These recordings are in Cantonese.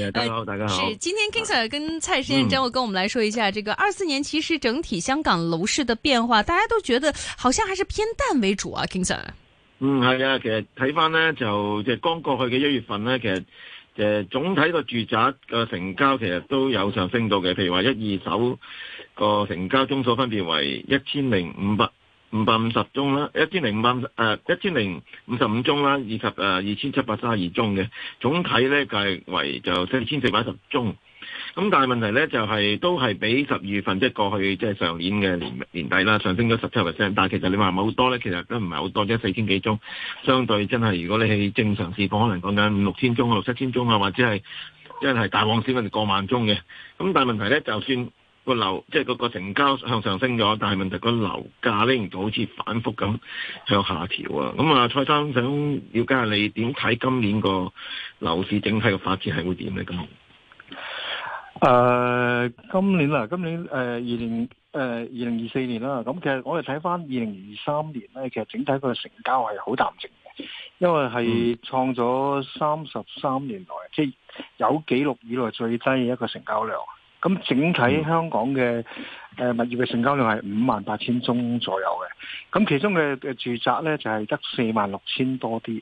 大家好，大家好。是，今天 King Sir 跟蔡先生，我跟我們來說一下，嗯、這個二四年其實整體香港樓市的變化，大家都覺得好像還是偏淡為主啊。King Sir，嗯係啊，其實睇返呢，就即係剛過去嘅一月份呢，其實誒、就是、總體個住宅個成交其實都有上升到嘅，譬如話一二手個、呃、成交宗數分別為一千零五百。五百五十宗啦，一千零五百誒，一千零五十五宗啦，以及誒，二千七百三十二宗嘅總體咧、嗯，就係為就四千四百一十宗。咁但係問題咧，就係都係比十二月份即係過去即係、就是、上年嘅年年底啦，上升咗十七個 percent。但係其實你話唔係好多咧，其實都唔係好多，即係四千幾宗，相對真係如果你正常市況，可能講緊五六千宗啊、六七千宗啊，或者係一係大旺時份過萬宗嘅。咁、嗯、但係問題咧，就算。個樓即係個個成交向上升咗，但係問題個樓價咧就好似反覆咁向下調啊！咁啊，蔡生想了解下你點睇今年個樓市整體嘅發展係會點呢？咁誒、呃，今年啊，今年誒、呃、二零誒二零二四年啦，咁、呃啊、其實我哋睇翻二零二三年咧，其實整體個成交係好淡靜嘅，因為係創咗三十三年來、嗯、即係有紀錄以來最低嘅一個成交量。咁整體香港嘅誒物業嘅成交量係五萬八千宗左右嘅，咁其中嘅嘅住宅呢，就係得四萬六千多啲，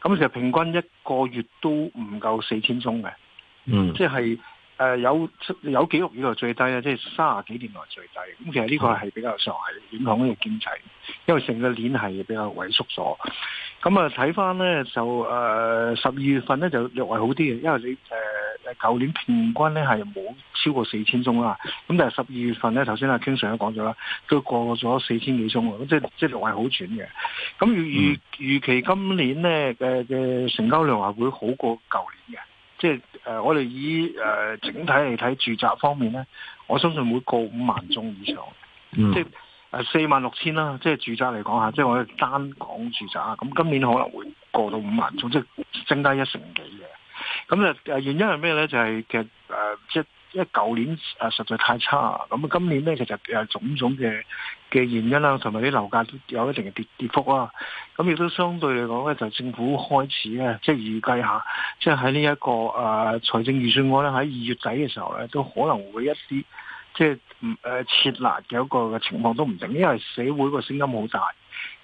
咁其實平均一個月都唔夠四千宗嘅，嗯，即係。誒、呃，有有記錄以來最低啊，即係卅幾年來最低。咁、就是、其實呢個係比較上係影響呢個經濟，因為成個鏈係比較萎縮咗。咁、嗯、啊，睇翻咧就誒十二月份咧就略為好啲嘅，因為你舊、呃、年平均咧係冇超過四千宗啦。咁但係十二月份咧，頭先 King Sir 都講咗啦，都過咗四千幾宗喎。咁即係即係略為好轉嘅。咁預期今年咧嘅嘅成交量係會好過舊年嘅。嗯即係誒、呃，我哋以誒、呃、整體嚟睇住宅方面咧，我相信會過五萬宗以上。嗯、即係誒四萬六千啦、啊，即係住宅嚟講吓，即係我哋單講住宅啊。咁今年可能會過到五萬宗，即係增加一成幾嘅。咁啊、呃、原因係咩咧？就係嘅。因為舊年誒實在太差，咁今年咧，其實誒種種嘅嘅原因啦，同埋啲樓價都有一定嘅跌跌幅啦。咁亦都相對嚟講咧，就政府開始咧即係預計下，即係喺呢一個誒財政預算案咧喺二月底嘅時候咧，都可能會一啲即係誒設立有一個嘅情況都唔定，因為社會個聲音好大。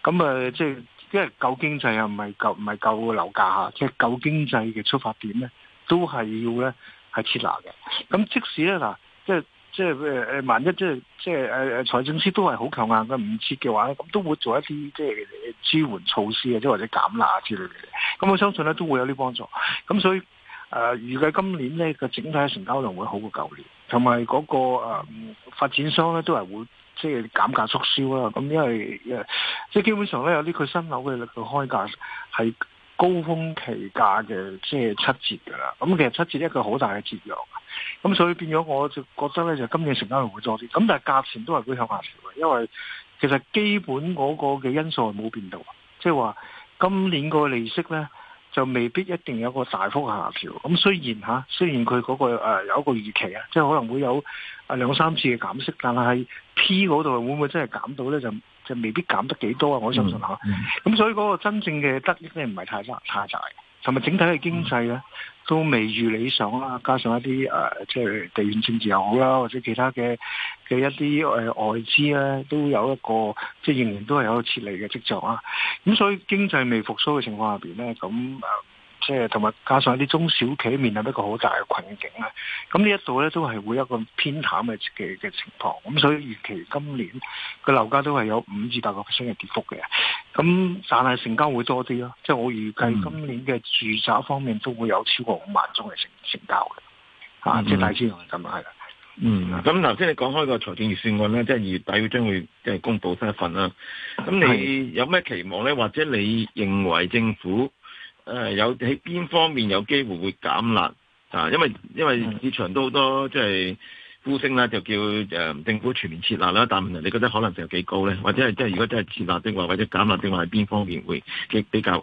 咁啊即係因為救經濟又唔係救唔係救樓價吓，即係救經濟嘅出發點咧，都係要咧。係撤辣嘅，咁即使咧嗱，即係即係誒誒，萬一即係即係誒誒，財政司都係好強硬嘅，唔撤嘅話咧，咁都會做一啲即係支援措施啊，即或者減辣之類嘅，咁我相信咧都會有啲幫助。咁所以誒、呃、預計今年咧個整體成交量會好過舊年，同埋嗰個誒、呃、發展商咧都係會即係減價促銷啦。咁因為即係基本上咧有啲佢新樓嘅佢開價係高峰期價嘅即係七折噶啦，咁其實七折一個好大嘅折讓，咁所以變咗我就覺得咧，就今年成交量會多啲，咁但係價錢都係會向下調嘅，因為其實基本嗰個嘅因素係冇變到，即係話今年個利息咧就未必一定有一個大幅下調，咁雖然吓，雖然佢嗰個誒有一個預期啊，即係可能會有啊兩三次嘅減息，但係喺 P 嗰度會唔會真係減到咧就？就未必減得幾多啊！我相信嚇、啊，咁、嗯嗯、所以嗰個真正嘅得益咧，唔係太差。太大，同埋整體嘅經濟咧、啊嗯、都未如理想啦、啊。加上一啲誒、呃，即係地緣政治又好啦，或者其他嘅嘅一啲誒、呃、外資咧、啊，都有一個即係仍然都係有個撤離嘅跡象啊！咁所以經濟未復甦嘅情況下邊咧，咁誒。呃即係同埋加上啲中小企面臨一個好大嘅困境咧，咁呢一度咧都係會一個偏淡嘅嘅嘅情況，咁所以預期今年個樓價都係有五至八個 percent 嘅跌幅嘅，咁但係成交會多啲咯，即係我預計今年嘅住宅方面都會有超過五萬宗嘅成成交嘅，吓、嗯啊、即係大致上咁係啦。嗯，咁頭先你講開個財政預算案咧，即係月底會將會即係公佈新一份啦。咁你有咩期望咧？或者你認為政府？誒、呃，有喺邊方面有機會會減辣啊？因為因為市場都好多即係呼聲啦，就叫誒政府全面撤辣啦。但係你覺得可能性有幾高咧？或者係即係如果真係撤辣的話，或者減辣的話，喺邊方面會比較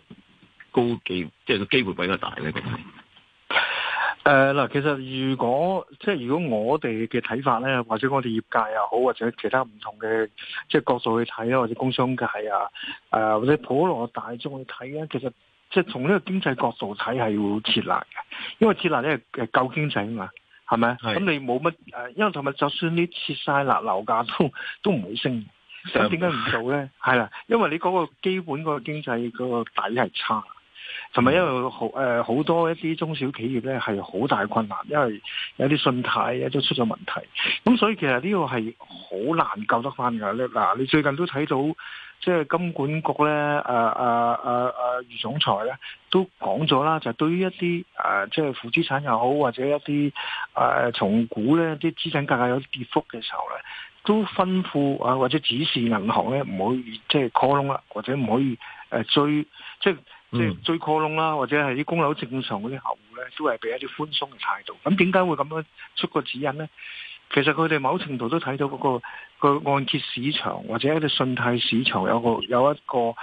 高嘅，即係個機會比較大咧？定嗱、呃，其實如果即係如果我哋嘅睇法咧，或者我哋業界又好，或者其他唔同嘅即係角度去睇呀，或者工商界啊，誒、呃、或者普羅大眾去睇咧，其實。即係從呢個經濟角度睇係要撤辣嘅，因為撤辣咧誒救經濟啊嘛，係咪？咁是你冇乜，因為同埋就算你撤晒辣，樓價都都唔會升，咁點解唔做咧？係啦， 因為你嗰個基本嗰個經濟嗰個底係差，同埋因為好、呃、好多一啲中小企業咧係好大困難，因為有啲信貸一都出咗問題，咁所以其實呢個係好難救得翻㗎。你嗱，你最近都睇到。即係金管局咧，啊啊啊啊，余總裁咧都講咗啦，就是、對於一啲誒，即係負資產又好，或者一啲誒重估咧，啲資產價格有跌幅嘅時候咧，都吩咐啊，或者指示銀行咧，唔可以即係 call 窿啦，或者唔可以誒、呃、追即係即追 call 窿啦，或者係啲供樓正常嗰啲客戶咧，都係俾一啲寬鬆嘅態度。咁點解會咁樣出個指引咧？其實佢哋某程度都睇到嗰、嗰個、嗰個按揭市場或者喺啲信貸市場有個有一個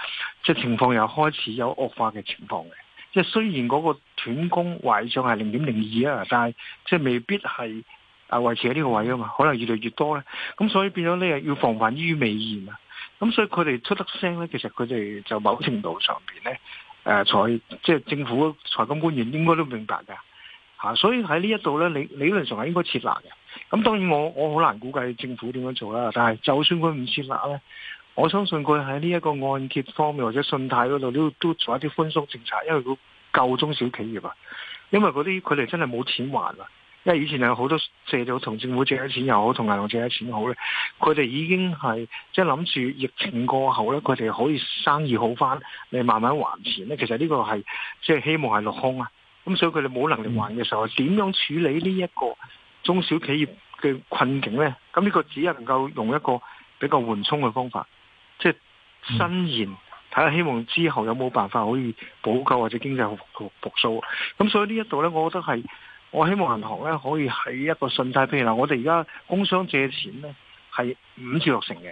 即係情況又開始有惡化嘅情況嘅，即係雖然嗰個斷供壞賬係零點零二啊，但係即係未必係啊維持喺呢個位啊嘛，可能越嚟越多咧。咁所以變咗呢日要防範於未然啊。咁所以佢哋出得聲咧，其實佢哋就某程度上邊咧誒，財、呃、即係政府財金官員應該都明白噶。吓、啊，所以喺呢一度咧，理理論上係應該撤辣嘅。咁當然我我好難估計政府點樣做啦。但係就算佢唔撤辣咧，我相信佢喺呢一個按揭方面或者信貸嗰度，都都做一啲寬鬆政策，因為佢救中小企業啊。因為嗰啲佢哋真係冇錢還啊。因為以前有好多借咗同政府借咗錢又好，同銀行借咗錢又好咧，佢哋已經係即係諗住疫情過後咧，佢哋可以生意好返，嚟慢慢還錢咧。其實呢個係即係希望係落空啊。咁所以佢哋冇能力還嘅時候，點樣處理呢一個中小企業嘅困境呢？咁呢個只能夠用一個比較緩衝嘅方法，即係伸延睇下希望之後有冇辦法可以補救或者經濟復復甦。咁所以呢一度呢，我覺得係我希望銀行呢可以喺一個信貸，譬如話我哋而家工商借錢呢，係五至六成嘅，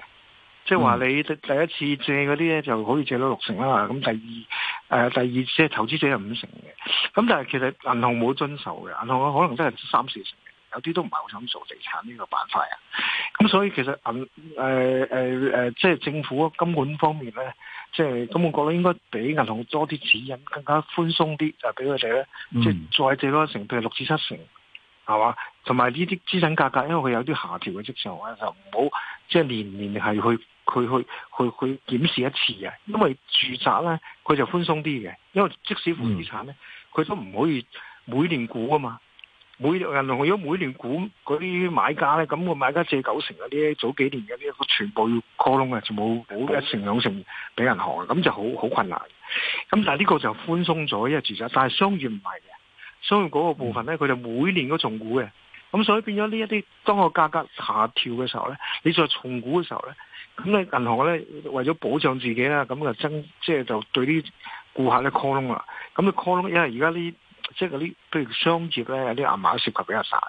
即係話你第一次借嗰啲呢，就可以借到六成啦。咁第二。誒、呃，第二次係投資者係五成嘅，咁、嗯、但係其實銀行冇遵守嘅，銀行可能真係三四成嘅，有啲都唔係好想做地產呢個板塊啊。咁、嗯、所以其實銀誒誒誒，即、嗯、係、呃呃呃呃就是、政府金管方面咧，即係咁，我覺得應該俾銀行多啲指引，更加寬鬆啲，就俾佢哋咧，嗯、即係再借多一成，譬如六至七成，係嘛？同埋呢啲資產價格，因為佢有啲下調嘅跡象咧，就唔好即係年年係去。佢去去去檢視一次嘅，因為住宅咧，佢就寬鬆啲嘅，因為即使負資產咧，佢都唔可以每年估啊嘛。每銀行如果每年估，嗰啲買家咧，咁個買家借九成嗰啲早幾年嘅呢全部要窩窿嘅，全部一成兩成俾銀行咁就好好困難。咁但係呢個就寬鬆咗，因為住宅，但係商業唔係嘅。商業嗰個部分咧，佢就每年都重估嘅。咁所以變咗呢一啲當個價格下調嘅時候咧，你再重估嘅時候咧。咁咧，銀行咧為咗保障自己啦，咁啊增即係、就是、就對啲顧客咧 call 窿啦。咁 call 窿，因為而家呢，即係嗰啲，譬如商業咧，啲銀碼涉及比較大，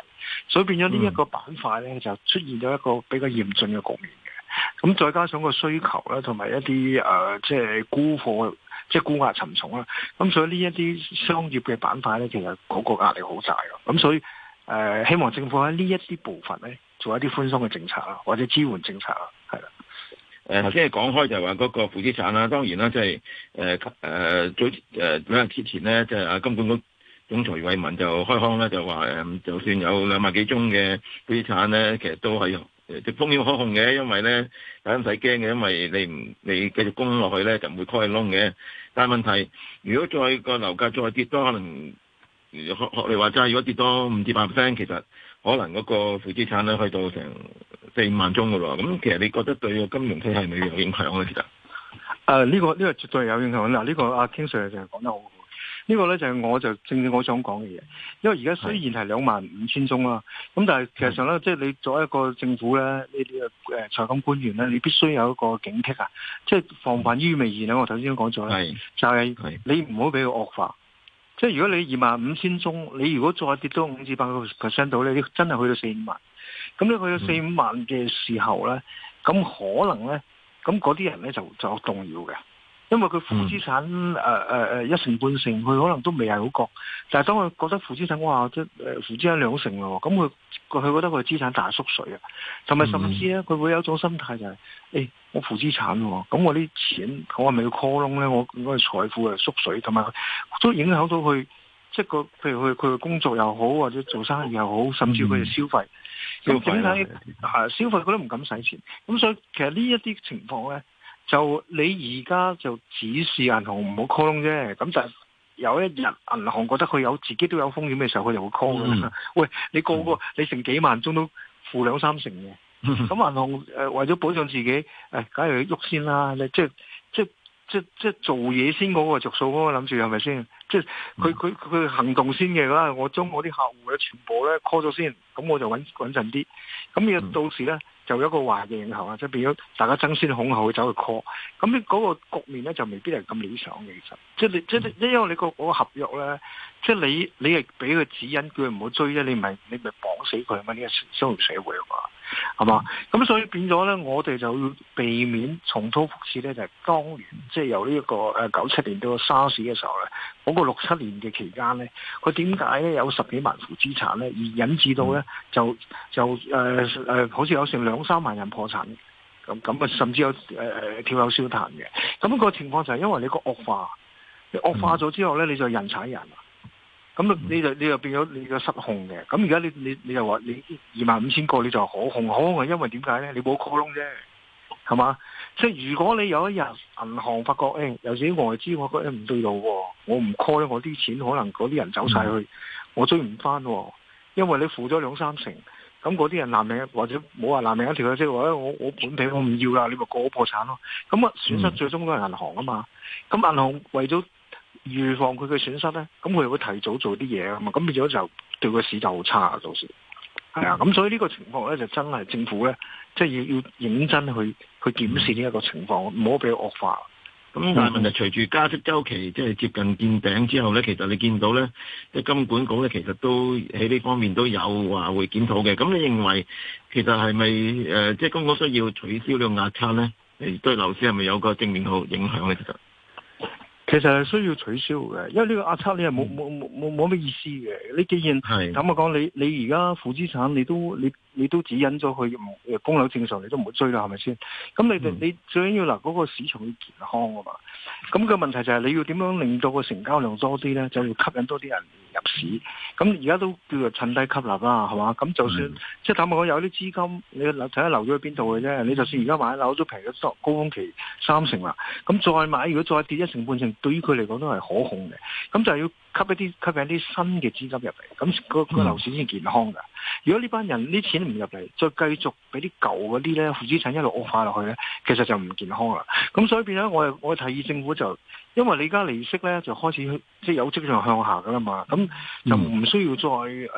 所以變咗呢一個板塊咧就出現咗一個比較嚴峻嘅局面嘅。咁再加上個需求啦同埋一啲誒即係沽貨，即係沽壓沉重啦。咁所以呢一啲商業嘅板塊咧，其實嗰個壓力好大嘅。咁所以、呃、希望政府喺呢一啲部分咧，做一啲寬鬆嘅政策或者支援政策。誒頭先係講開就係話嗰個負資產啦，當然啦、就是，即係誒早、呃、兩日之前咧，即係啊金管局總裁余偉文就開腔咧，就話誒、呃，就算有兩萬幾宗嘅負資產咧，其實都係即係風險可控嘅，因為咧大家唔使驚嘅，因為你唔你繼續供落去咧，就唔會開窿嘅。但係問題，如果再個樓價再跌多，可能學學你話齋，如果跌多五至八 percent，其實可能嗰個負資產咧去到成四五萬宗噶咯，咁其實你覺得對個金融體係有冇影響咧？其實、呃，誒、這、呢個呢、這個絕對有影響。嗱、這、呢個阿、啊、King Sir 就講得好，好、這個，呢個咧就係我就正正我想講嘅嘢。因為而家雖然係兩萬五千宗啦，咁是但係其實上咧，是即係你作為一個政府咧呢啲誒、呃、財政官員咧，你必須有一個警惕啊，即係防範於未然啦。我頭先都講咗咧，是就係你唔好俾佢惡化。是即係如果你二萬五千宗，你如果再跌多五至八個 percent 度咧，你真係去到四五萬。咁咧佢有四五萬嘅時候咧，咁可能咧，咁嗰啲人咧就就動搖嘅，因為佢負資產誒誒誒一成半成，佢可能都未係好覺，但係當佢覺得負資產，我話即係誒負資產兩成啦、哦，咁佢佢覺得佢資產大縮水啊，同埋甚至咧佢會有一種心態就係、是、誒、哎、我負資產喎、哦，咁我啲錢我係咪要 call 窿咧？我是是呢我，我是財富係縮水，同埋佢都影響到佢。即個譬如佢佢嘅工作又好，或者做生意又好，甚至佢嘅消費，佢整體消費佢、啊、都唔敢使錢，咁、嗯、所以其實呢一啲情況咧，就你而家就指示銀行唔好 call 窿啫，咁就有一日銀行覺得佢有自己都有風險嘅時候，佢就會 call 噶啦。嗯、 喂，你個個、嗯、你成幾萬宗都負兩三成嘅，咁、嗯、銀行誒為咗保障自己誒，梗係喐先啦，你即係。即即做嘢先嗰個着數，嗰個諗住係咪先？即佢佢佢行動先嘅啦。我將我啲客戶嘅全部咧 call 咗先，咁我就穩穩陣啲。咁要到時咧，就有一個壞嘅影響啊！即變咗大家爭先恐後去走去 call，咁嗰個局面咧就未必係咁理想嘅。其實即你即你，即因為你個嗰個合約咧，即你你係俾佢指引，叫佢唔好追啫。你唔係你咪綁死佢嘛？呢個商業社會啊嘛。係嘛？咁所以變咗咧，我哋就要避免重蹈覆轍咧。就係當年即係由呢一個誒九七年到沙士嘅時候咧，嗰、那個六七年嘅期間咧，佢點解咧有十幾萬負資產咧，而引致到咧就就誒誒、呃，好似有成兩三萬人破產咁咁啊，甚至有誒、呃、跳樓燒炭嘅。咁、那個情況就係因為你個惡化，你惡化咗之後咧，你就人踩人咁、嗯、你就你就變咗你個失控嘅，咁而家你你你又話你二萬五千個你就可控可控，因為點解咧？你冇 call 窿啫，係嘛？即係如果你有一日銀行發覺，誒、欸，有啲外資我覺得唔對路，我唔 call 我啲錢可能嗰啲人走晒去，嗯、我追唔翻、哦，因為你付咗兩三成，咁嗰啲人難命，或者冇話難命一條即係、就是、我我本地我唔要啦，你咪過我破產咯，咁、嗯、啊、嗯、損失最終都係銀行啊嘛，咁銀行為咗，預防佢嘅損失咧，咁佢會提早做啲嘢啊嘛，咁變咗就對個市就好差啊，到時、嗯。係啊，咁所以呢個情況咧就真係政府咧，即係要要認真去去檢視呢一個情況，唔好俾佢惡化。咁、嗯、但係問題隨住加息週期即係、就是、接近見頂之後咧，其實你見到咧，即係金管局咧，其實都喺呢方面都有話會檢討嘅。咁你認為其實係咪誒即係公屋需要取消呢個壓卡咧？誒對樓市係咪有個正面嘅影響咧？其實？其實係需要取消嘅，因為呢個壓測你係冇冇冇冇冇咩意思嘅。你既然係，坦白講你你而家負資產你都你。你都指引咗佢供樓正常，你都唔會追啦，係咪先？咁你哋你最緊要嗱，嗰個市場會健康啊嘛。咁個問題就係你要點樣令到個成交量多啲呢？就要吸引多啲人入市。咁而家都叫做趁低吸納啦，係嘛？咁就算即係坦白講，嗯、有啲資金你睇下留咗去邊度嘅啫。你就算而家買樓都平咗多，高峰期三成啦。咁再買，如果再跌一成半成，對於佢嚟講都係可控嘅。咁就係要。吸一啲吸引啲新嘅資金入嚟，咁個個樓市先健康噶。如果呢班人啲錢唔入嚟，再繼續俾啲舊嗰啲咧負資產一路惡化落去咧，其實就唔健康啦。咁所以變咧，我我提議政府就，因為你而家利息咧就開始即係有跡象向下噶啦嘛，咁就唔需要再誒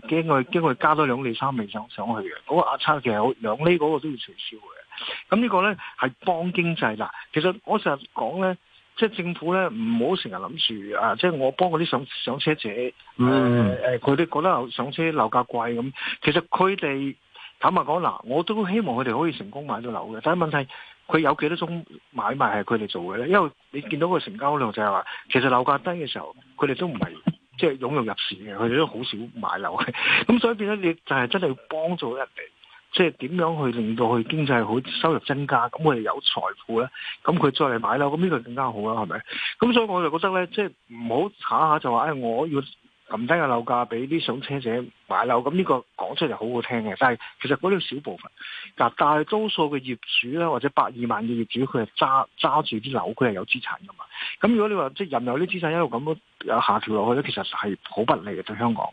驚佢驚佢加多兩厘、三厘上上去嘅。嗰個壓差其實兩厘嗰個都要取消嘅。咁呢個咧係幫經濟啦。其實我成日講咧。即係政府咧，唔好成日諗住啊，即係我幫嗰啲上上車者，誒、啊、誒，佢哋覺得上車樓價貴咁。其實佢哋坦白講，嗱，我都希望佢哋可以成功買到樓嘅。但係問題，佢有幾多種買賣係佢哋做嘅咧？因為你見到個成交量就係話，其實樓價低嘅時候，佢哋都唔係即係湧入入市嘅，佢哋都好少買樓嘅。咁所以變咗，你就係真係要幫助人哋。即係點樣去令到佢經濟好，收入增加，咁佢哋有財富咧，咁佢再嚟買樓，咁呢個更加好啦，係咪？咁所以我就覺得咧，即係唔好查下就話，哎，我要撳低嘅樓價俾啲上車者買樓，咁呢個講出嚟好好聽嘅，但係其實嗰啲小部分，但係大多數嘅業主咧，或者百二萬嘅業主，佢係揸揸住啲樓，佢係有資產噶嘛。咁如果你話即係任由啲資產一路咁樣下調落去咧，其實係好不利嘅對香港。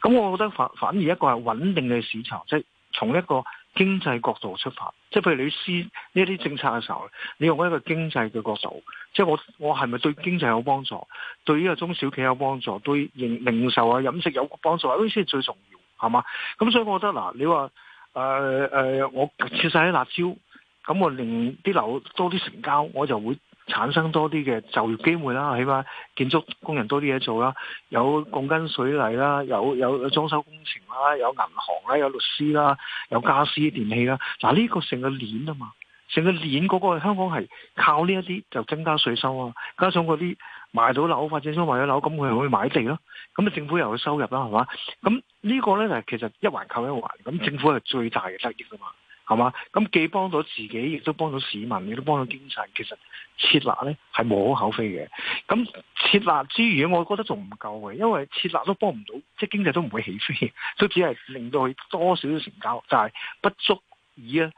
咁我覺得反反而一個係穩定嘅市場，即從一個經濟角度出發，即係譬如你施呢一啲政策嘅時候，你用一個經濟嘅角度，即係我我係咪對經濟有幫助，對呢個中小企有幫助，對零零售啊飲食有幫助，呢先係最重要係嘛？咁所以我覺得嗱，你話誒誒，我切晒啲辣椒，咁我令啲樓多啲成交，我就會，產生多啲嘅就業機會啦，起碼建築工人多啲嘢做啦，有鋼筋水泥啦，有有裝修工程啦，有銀行啦，有律師啦，有家私電器啦。嗱、啊，呢、呢個成個鏈啊嘛，成個鏈嗰個香港係靠呢一啲就增加稅收啊。加上嗰啲買到樓，或者想買咗樓，咁佢又會買地咯。咁啊，政府又有收入啦，係嘛？咁呢個呢，就其實一環扣一環，咁政府係最大嘅得益噶嘛。係嘛？咁既幫到自己，亦都幫到市民，亦都幫到經濟。其實設立咧係無可厚非嘅。咁設立之餘，我覺得仲唔夠嘅，因為設立都幫唔到，即係經濟都唔會起飛，都只係令到佢多少少成交，但係不足以啊。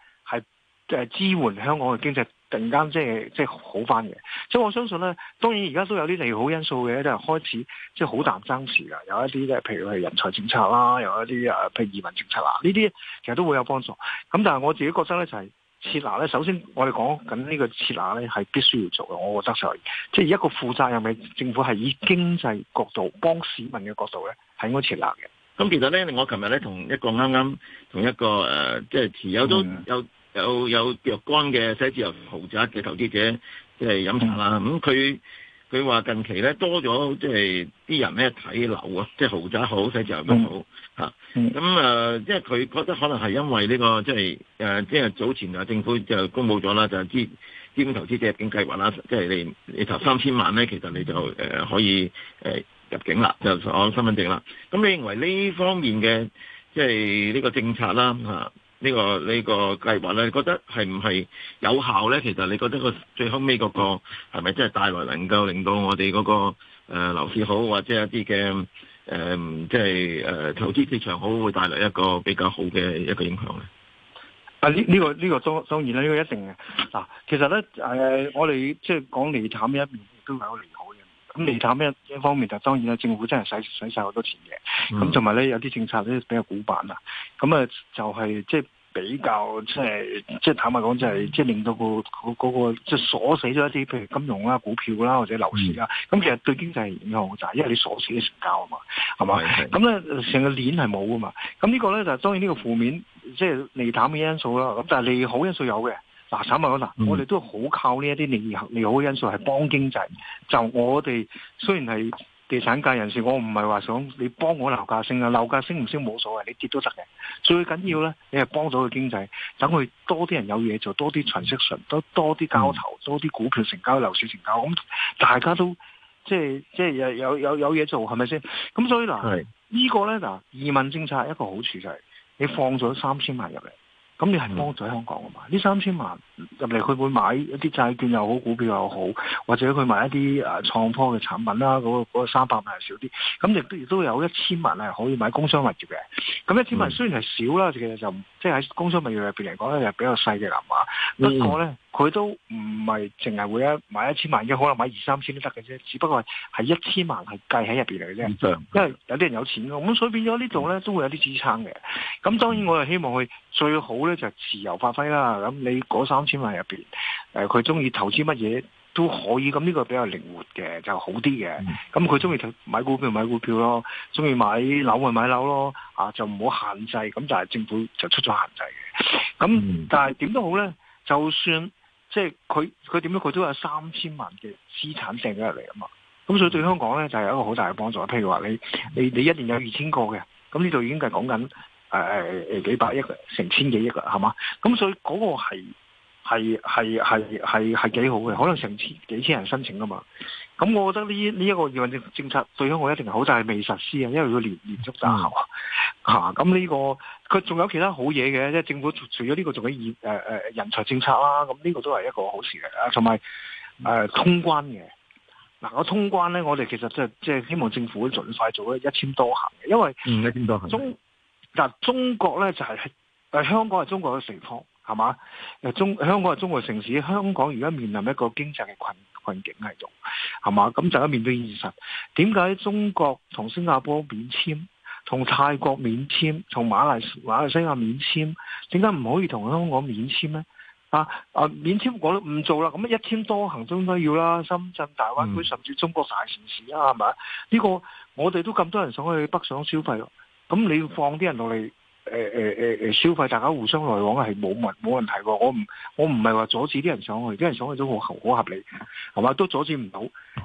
誒支援香港嘅經濟，突然間即係即係好翻嘅，所以我相信咧，當然而家都有啲利好因素嘅，即係開始即係好淡爭持㗎。有一啲咧，譬如係人才政策啦，有一啲誒，譬如移民政策啊，呢啲其實都會有幫助。咁但係我自己覺得咧，就係設立咧，首先我哋講緊呢個設立咧，係必須要做嘅，我覺得就係即係一個負責任嘅政府，係以經濟角度幫市民嘅角度咧，係應該設立嘅。咁其實咧，我琴日咧，同一個啱啱同一個即、呃即係、持有都有。嗯有有若干嘅寫字樓豪宅嘅投資者即係、就是、飲茶啦，咁佢佢話近期咧多咗即係啲人咧睇樓啊，即、就、係、是、豪宅好，寫字樓嘅好咁、嗯、啊，呃、即係佢覺得可能係因為呢、這個即係即係早前啊政府就公佈咗啦，就係、是、資本投資者入境計劃啦，即、就、係、是、你你投三千萬咧，其實你就誒、呃、可以誒入境啦，就攞、是、身份證啦。咁你認為呢方面嘅即係呢個政策啦、啊呢、這個呢、這個計劃咧，你覺得係唔係有效咧？其實你覺得最後尾嗰個係咪真係帶來能夠令到我哋嗰、那個呃、樓市好，或者一啲嘅、呃、即係、呃、投資市場好，會帶來一個比較好嘅一個影響咧？啊！呢呢個呢個，當當然啦，呢個一定嗱。其實咧、呃，我哋即係講利淡一面都有影響。咁利淡呢一方面就當然啦，政府真係使使曬好多錢嘅，咁同埋咧有啲政策咧比較古板啦，咁啊就係即係比較即係即係坦白講即係即係令到個嗰、嗰個即係鎖死咗一啲，譬如金融啦、股票啦或者樓市啊咁的其實對經濟係影響好大，因為你鎖死嘅成交啊嘛，係嘛？咁咧成個鏈係冇噶嘛，咁、這、呢個咧就當然呢個負面即係利淡嘅因素啦，咁但係利好因素有嘅。嗱，三萬嗱，我哋都好靠呢一啲利好利好嘅因素，係幫經濟。就我哋雖然係地產界人士，我唔係話想你幫我樓價升啊，樓價升唔升冇所謂，你跌都得嘅。最緊要呢，你係幫到佢經濟，等佢多啲人有嘢做，多啲財息純，多多啲交投，多啲股票成交、樓市成交，咁大家都即係即係有有有嘢做，係咪先？咁所以嗱，呢是個呢，嗱，移民政策一個好處就係、是、你放咗三千萬入嚟。咁你係幫咗香港啊嘛？呢三千萬。入嚟佢會買一啲債券又好，股票又好，或者佢買一啲誒創科嘅產品啦。嗰、嗰個三百萬係少啲，咁亦都亦都有一千萬係可以買工商物業嘅。咁一千萬雖然係少啦，嗯、其實就即係喺工商物業入邊嚟講咧，係比較細嘅樓盤。呢嗯、不過咧，佢都唔係淨係會一買一千萬嘅，可能買二三千都得嘅啫。只不過係一千萬係計喺入邊嚟嘅啫。嗯、因為有啲人有錢㗎，咁所以變咗呢度咧都會有啲支撐嘅。咁當然我係希望佢最好咧就係、自由發揮啦。咁你嗰三，千萬入邊，誒，佢中意投資乜嘢都可以，咁呢個比較靈活嘅，就好啲嘅。咁佢中意買股票買股票咯，中意買樓咪買樓咯，啊，就唔好限制。咁就係政府就出咗限制嘅。咁、嗯、但係點都好咧，就算即係佢佢點樣，佢都有三千萬嘅資產性咗入嚟啊嘛。咁所以對香港咧就係、是、一個好大嘅幫助。譬如話你你你一年有二千個嘅，咁呢度已經係講緊誒誒誒幾百億成千幾億噶係嘛。咁所以嗰個係。係係係係係幾好嘅，可能成千幾千人申請㗎嘛。咁我覺得呢呢一個移民政政策對香港一定好，就係未實施啊，因為要連連續滯後、嗯、啊。吓、這個，咁呢個佢仲有其他好嘢嘅，即、就、係、是、政府除咗呢個仲有誒誒人才政策啦。咁呢個都係一個好事嚟，啊。同埋誒通關嘅嗱，我通關咧，我哋其實即係即係希望政府盡快做一千多行嘅，因為、嗯、一千多行中，但中國咧就係、是、誒香港係中國嘅地方。係嘛？中香港係中國城市，香港而家面臨一個經濟嘅困困境喺度，係嘛？咁就而家面對現實，點解中國同新加坡免簽，同泰國免簽，同馬來馬來西亞免簽，點解唔可以同香港免簽呢？啊啊！免簽我都唔做啦，咁一簽多行中都要啦，深圳、大灣區甚至中國大城市啊，係嘛？呢個我哋都咁多人想去北上消費咯，咁你要放啲人落嚟？誒誒誒誒，消費大家互相來往係冇問冇問題，我唔我唔係話阻止啲人上去，啲人上去都好合好合理，係嘛？都阻止唔到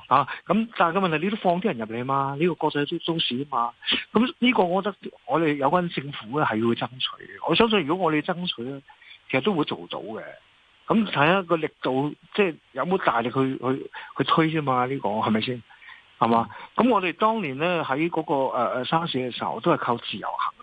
啊！咁但係個問題，你都放啲人入嚟嘛？呢、這個國際都，都市啊嘛？咁、嗯、呢、這個我覺得我哋有關政府咧係要爭取嘅。我相信如果我哋爭取咧，其實都會做到嘅。咁睇下個力度，即係有冇大力去去去推啫嘛？呢、這個係咪先？係嘛？咁我哋當年咧喺嗰個誒誒沙士嘅時候，都係靠自由行。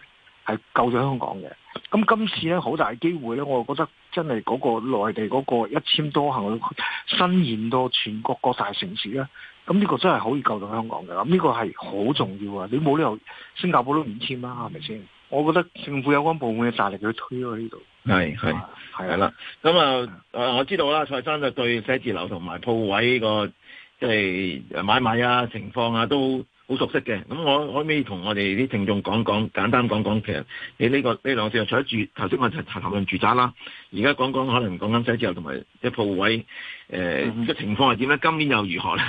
係救咗香港嘅，咁今次咧好大機會咧，我覺得真係嗰個內地嗰個一簽多行，伸延到全國各大城市呢，咁呢個真係可以救到香港嘅。咁呢個係好重要啊！你冇理由新加坡都唔簽啦，係咪先？我覺得政府有關部門嘅大力去推喎呢度。係係係啦，咁啊、呃，我知道啦，蔡生就對寫字樓同埋鋪位、個即係、就是、買賣啊情況啊都。好熟悉嘅，咁我可唔可以同我哋啲聽眾講講，簡單講講，其實你呢、這個呢兩成除咗住，頭先我哋係討論住宅啦，而家講講可能講緊寫字樓同埋一鋪位，誒、呃、嘅情況係點咧？今年又如何咧？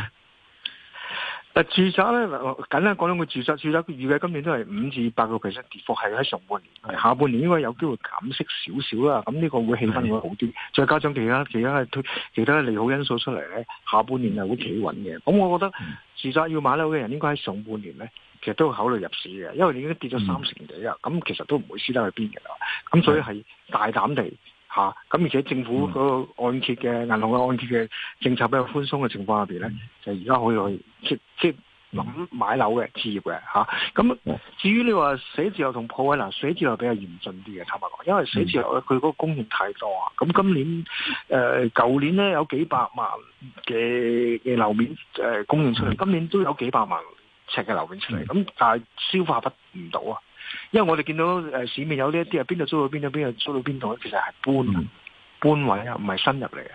嗱，但住宅咧，簡單，講到個住宅，住宅預計今年都係五至八個 percent 跌幅，係喺上半年，下半年應該有機會減息少少啦。咁呢個會氣氛會好啲，的再加上其他其他推其他利好因素出嚟咧，下半年係會企穩嘅。咁我覺得住宅要買樓嘅人，應該喺上半年咧，其實都會考慮入市嘅，因為你已經跌咗三成幾啊。咁的其實都唔會輸得去邊嘅啦。咁所以係大膽地。咁、啊、而且政府嗰個按揭嘅銀行嘅按揭嘅政策比較寬鬆嘅情況下邊咧，嗯、就而家可以去即即諗買樓嘅、置業嘅咁、啊嗯、至於你話寫字樓同鋪位啦，寫字樓比較嚴峻啲嘅，坦白講，因為寫字樓佢嗰個供應太多啊。咁今年誒舊、呃、年咧有幾百萬嘅嘅樓面誒、呃、供應出嚟，今年都有幾百萬尺嘅樓面出嚟，咁、嗯、但係消化不唔到啊。因為我哋見到誒，市面有呢一啲啊，邊度租到邊度，邊度租到邊度咧，其實係搬，嗯、搬位啊，唔係新入嚟嘅。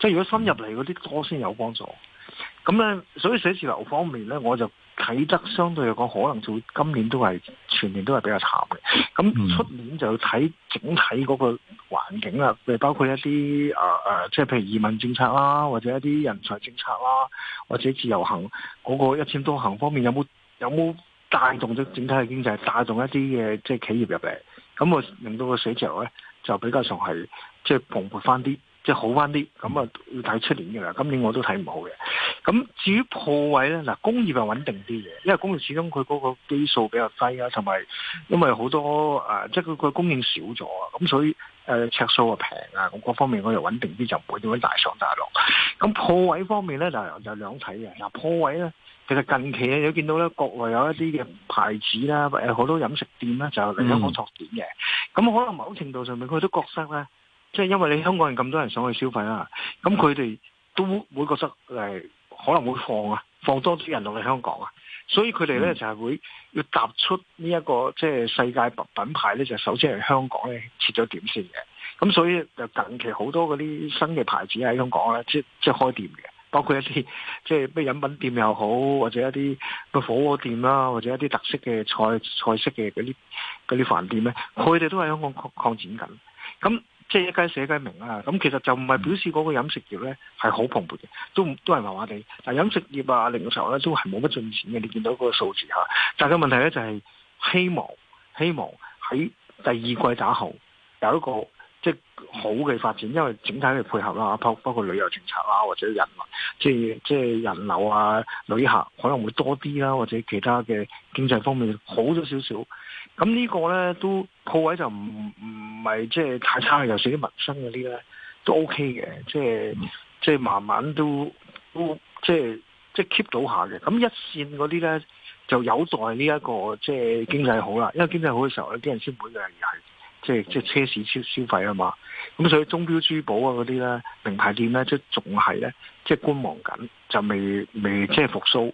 即係如果新入嚟嗰啲，多先有幫助。咁咧，所以寫字樓方面咧，我就睇得相對嚟講，可能就今年都係全年都係比較慘嘅。咁出年就睇整體嗰個環境啦，誒，包括一啲誒誒，即係譬如移民政策啦，或者一啲人才政策啦，或者自由行嗰，嗰個一簽多行方面有冇有冇？有沒有帶動咗整體嘅經濟，帶動一啲嘅，即係企業入嚟，咁我令到個市場咧就比較上係即係蓬勃翻啲，即係好翻啲。咁啊，要睇出年嘅啦，今年我都睇唔好嘅。咁至於鋪位咧，嗱，工業就穩定啲嘅，因為工業始終佢嗰個基數比較低啊，同埋因為好多即係佢個供應少咗啊，咁所以誒尺數啊平啊，咁各方面我又穩定啲，就唔會點樣大上大落。咁鋪位方面咧就有兩睇嘅，嗱鋪位咧。其實近期都見到咧，國內有一啲嘅牌子啦，好多飲食店啦就嚟香港拓點嘅。咁、嗯、可能某程度上面佢都覺得咧，即係因為你香港人咁多人想去消費啦，咁佢哋都會覺得誒，可能會放啊，放多啲人落嚟香港啊，所以佢哋咧就係會要踏出呢、這、一個即係世界品牌咧，就首先係香港咧設咗點先嘅。咁所以就近期好多嗰啲新嘅牌子喺香港咧，即即係開店嘅。包括一啲即係咩飲品店又好，或者一啲個火鍋店啦、啊，或者一啲特色嘅菜菜式嘅嗰啲啲飯店咧，佢哋都喺香港擴擴展緊。咁即係一間社雞名啊！咁其實就唔係表示嗰個飲食業咧係好蓬勃嘅，都都係麻麻地。但係飲食業啊、零售咧、啊、都係冇乜進展嘅。你見到嗰個數字嚇、啊，但係個問題咧就係、是、希望希望喺第二季打後有一個。即係好嘅發展，因為整體嘅配合啦，包包括旅遊政策啦，或者人即係即係人流啊、旅客可能會多啲啦，或者其他嘅經濟方面好咗少少。咁呢個呢，都鋪位就唔唔係即係太差，尤其是啲民生嘅呢啲呢都 OK 嘅，即係即係慢慢都都即係即係 keep 到下嘅。咁一線嗰啲呢，就有待呢一個即係經濟好啦，因為經濟好嘅時候呢，啲人先會嚟買。即係即係車市消消費啊嘛，咁所以鐘表珠寶啊嗰啲咧，名牌店咧即仲係咧，即係觀望緊，就未未即係復蘇。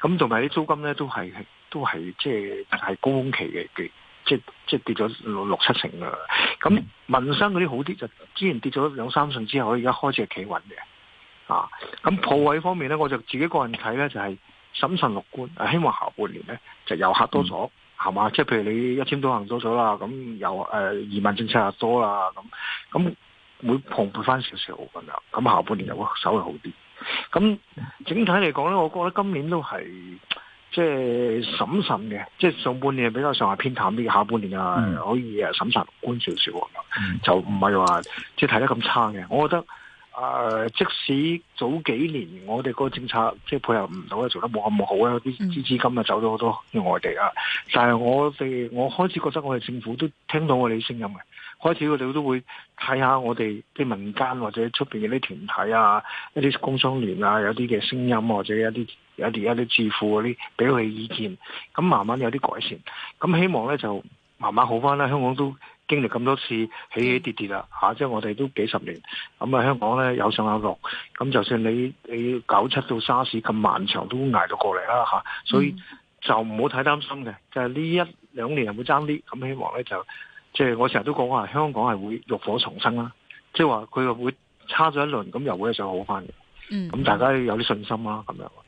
咁同埋啲租金咧都係都係即係係高峰期嘅嘅，即係即係跌咗六六七成噶。咁民生嗰啲好啲，就之前跌咗兩三成之後，而家開始係企穩嘅。啊，咁鋪位方面咧，我就自己個人睇咧，就係、是、審慎樂觀，希望下半年咧就遊客多咗。嗯係嘛？即係譬如你一千都行多咗啦，咁又誒二萬正七十多啦，咁咁會蓬勃翻少少咁樣。咁下半年就會稍微好啲。咁整體嚟講咧，我覺得今年都係即係審慎嘅，即係上半年比較上下偏淡啲，下半年啊可以誒審慎觀少少咁，就唔係話即係睇得咁差嘅。我覺得。啊、呃，即使早幾年我哋個政策即係配合唔到，就做得冇咁好，有啲資資金啊走咗好多去外地啦。但係我哋我開始覺得我哋政府都聽到我哋聲音嘅，開始我哋都會睇下我哋啲民間或者出面嘅啲團體啊，一啲工商聯啊，有啲嘅聲音或者一啲一啲一啲智庫嗰啲俾佢哋意見。咁慢慢有啲改善，咁希望咧就慢慢好翻啦。香港都。經歷咁多次起起跌跌啦，即、啊、係、就是、我哋都幾十年，咁啊香港咧有上有落，咁就算你你九七到沙士咁漫長都捱到過嚟啦、啊、所以就唔好太擔心嘅，就係、是、呢一兩年會爭啲，咁希望咧就即係、就是、我成日都講話香港係會浴火重生啦，即係話佢又會差咗一輪，咁又會上好翻嘅，嗯，咁、啊、大家有啲信心啦，咁樣。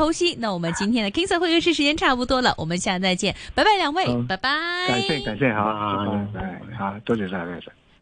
剖析，那我們今天的 King Sir 會客室時間差不多了，我們下次再見，拜拜，兩位，哦、拜拜，感謝感謝，好好好，拜拜，好，多謝晒，多謝晒。